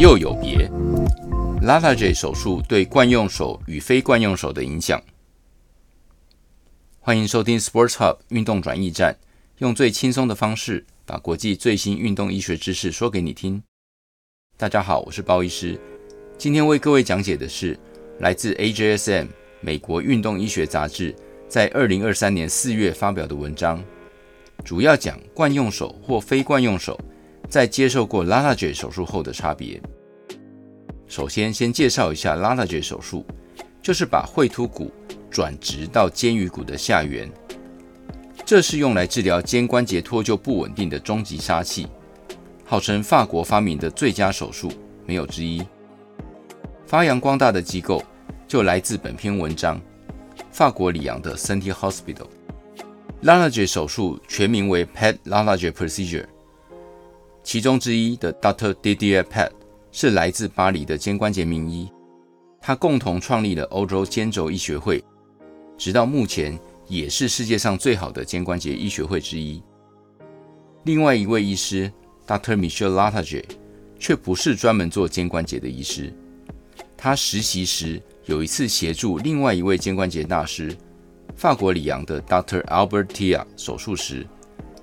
右有別，Latarjet 手術對慣用手與非慣用手的影響。歡迎收聽 Sports Hub 運動轉驛站，用最輕鬆的方式把國際最新運動醫學知識說給你聽。大家好，我是包醫師，今天為各位講解的是來自 AJSM 美國運動醫學雜誌在二零二三年四月發表的文章，主要講慣用手或非慣用手。在接受過 Latarjet 手術後的差別。首先，先介紹一下 Latarjet 手術，就是把喙突骨轉植到肩盂骨的下緣。這是用來治療肩關節脫臼不穩定的終極殺器，號稱法國發明的最佳手術，沒有之一。發揚光大的機構就來自本篇文章，法國里昂的 Sainte Hospital。Latarjet 手術全名為 Pat Latarjet Procedure。其中之一的 Dr. Didier Pat 是來自巴黎的肩關節名醫，他共同創立了歐洲肩肘醫學會，直到目前也是世界上最好的肩關節醫學會之一。另外一位醫師 Dr. Michel Latarjet 卻不是專門做肩關節的醫師，他實習時有一次協助另外一位肩關節大師，法國里昂的 Dr. Albert Tia 手術時，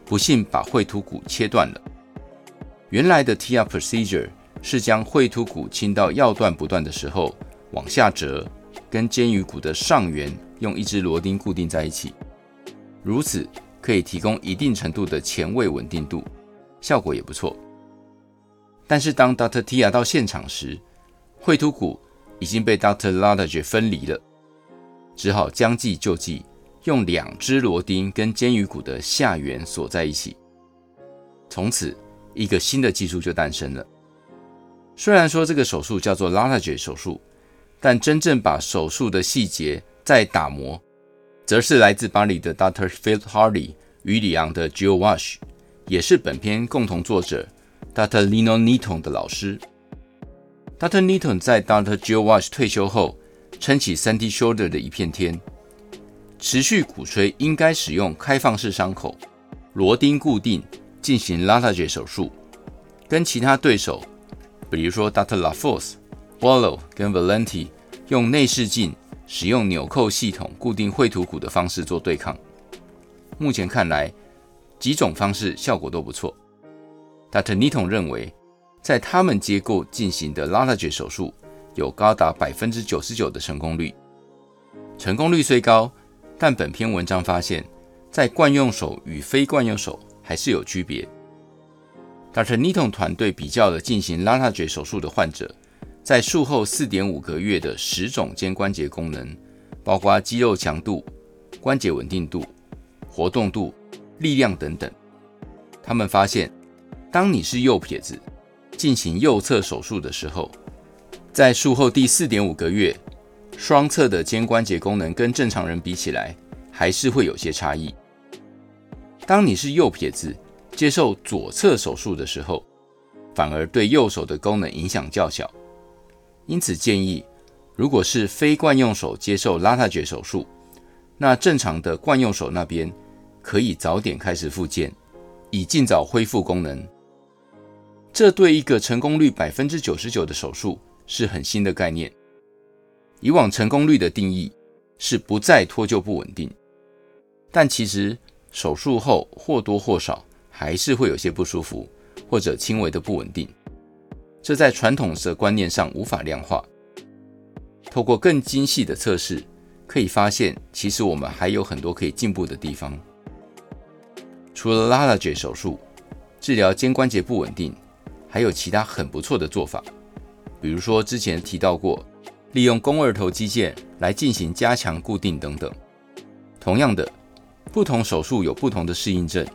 不幸把喙突骨切斷了。原來的 TIA procedure 是將喙突骨傾到要斷不斷的時候往下折，跟肩胛骨的上緣用一只螺釘固定在一起，如此可以提供一定程度的前位穩定度，效果也不錯。但是當 Dr. Tia 到現場時，喙突骨已經被 Dr. Latarjet 分離了，只好將計就計，用兩只螺釘跟肩胛骨的下緣鎖在一起，從此，一個新的技術就誕生了。雖然說這個手術叫做拉塔吉手術，但真正把手術的細節再打磨，則是來自巴黎的 Dr. Phil Hardy 與里昂的 Gilles Walch，也是本篇共同作者 Dr. Lino Neyton 的老師。Dr. Neyton 在 Dr. Gilles Walch 退休後，撐起 3D Shoulder 的一片天，持續鼓吹應該使用開放式傷口、螺釘固定。進行拉塔杰手術，跟其他對手，比如說達特拉福斯、Bolo 跟 Valenti 用內視鏡、使用紐扣系統固定喙突骨的方式做對抗。目前看來，幾種方式效果都不錯。達特尼托認為，在他們機構進行的拉塔杰手術有高達百分之九十九的成功率。成功率雖高，但本篇文章發現，在慣用手與非慣用手，還是有區別。Dr. Nito 團隊比較了進行 Latarjet 手術的患者，在術後四點五個月的十種肩關節功能，包括肌肉強度、關節穩定度、活動度、力量等等。他們發現，當你是右撇子，進行右側手術的時候，在術後第四點五個月，雙側的肩關節功能跟正常人比起來，還是會有些差異。當你是右撇子，接受左側手術的時候，反而對右手的功能影響較小。因此建議，如果是非慣用手接受 Latarjet 手術，那正常的慣用手那邊可以早點開始復健，以儘早恢復功能。這對一個成功率百分之九十九的手術是很新的概念。以往成功率的定義是不再脫臼不穩定，但其實。手術後或多或少還是會有些不舒服，或者輕微的不穩定，這在傳統的觀念上無法量化。透過更精細的測試，可以發現其實我們還有很多可以進步的地方。除了 Latarjet 手術治療肩關節不穩定，還有其他很不錯的做法，比如說之前提到過，利用肱二頭肌腱來進行加強固定等等。同樣的。不同手術有不同的適應症，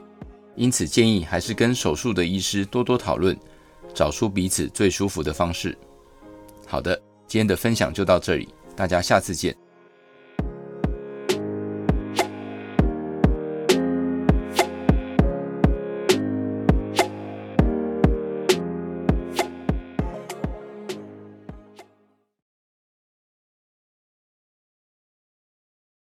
因此建議還是跟手術的醫師多多討論，找出彼此最舒服的方式。好的，今天的分享就到這裡，大家下次見。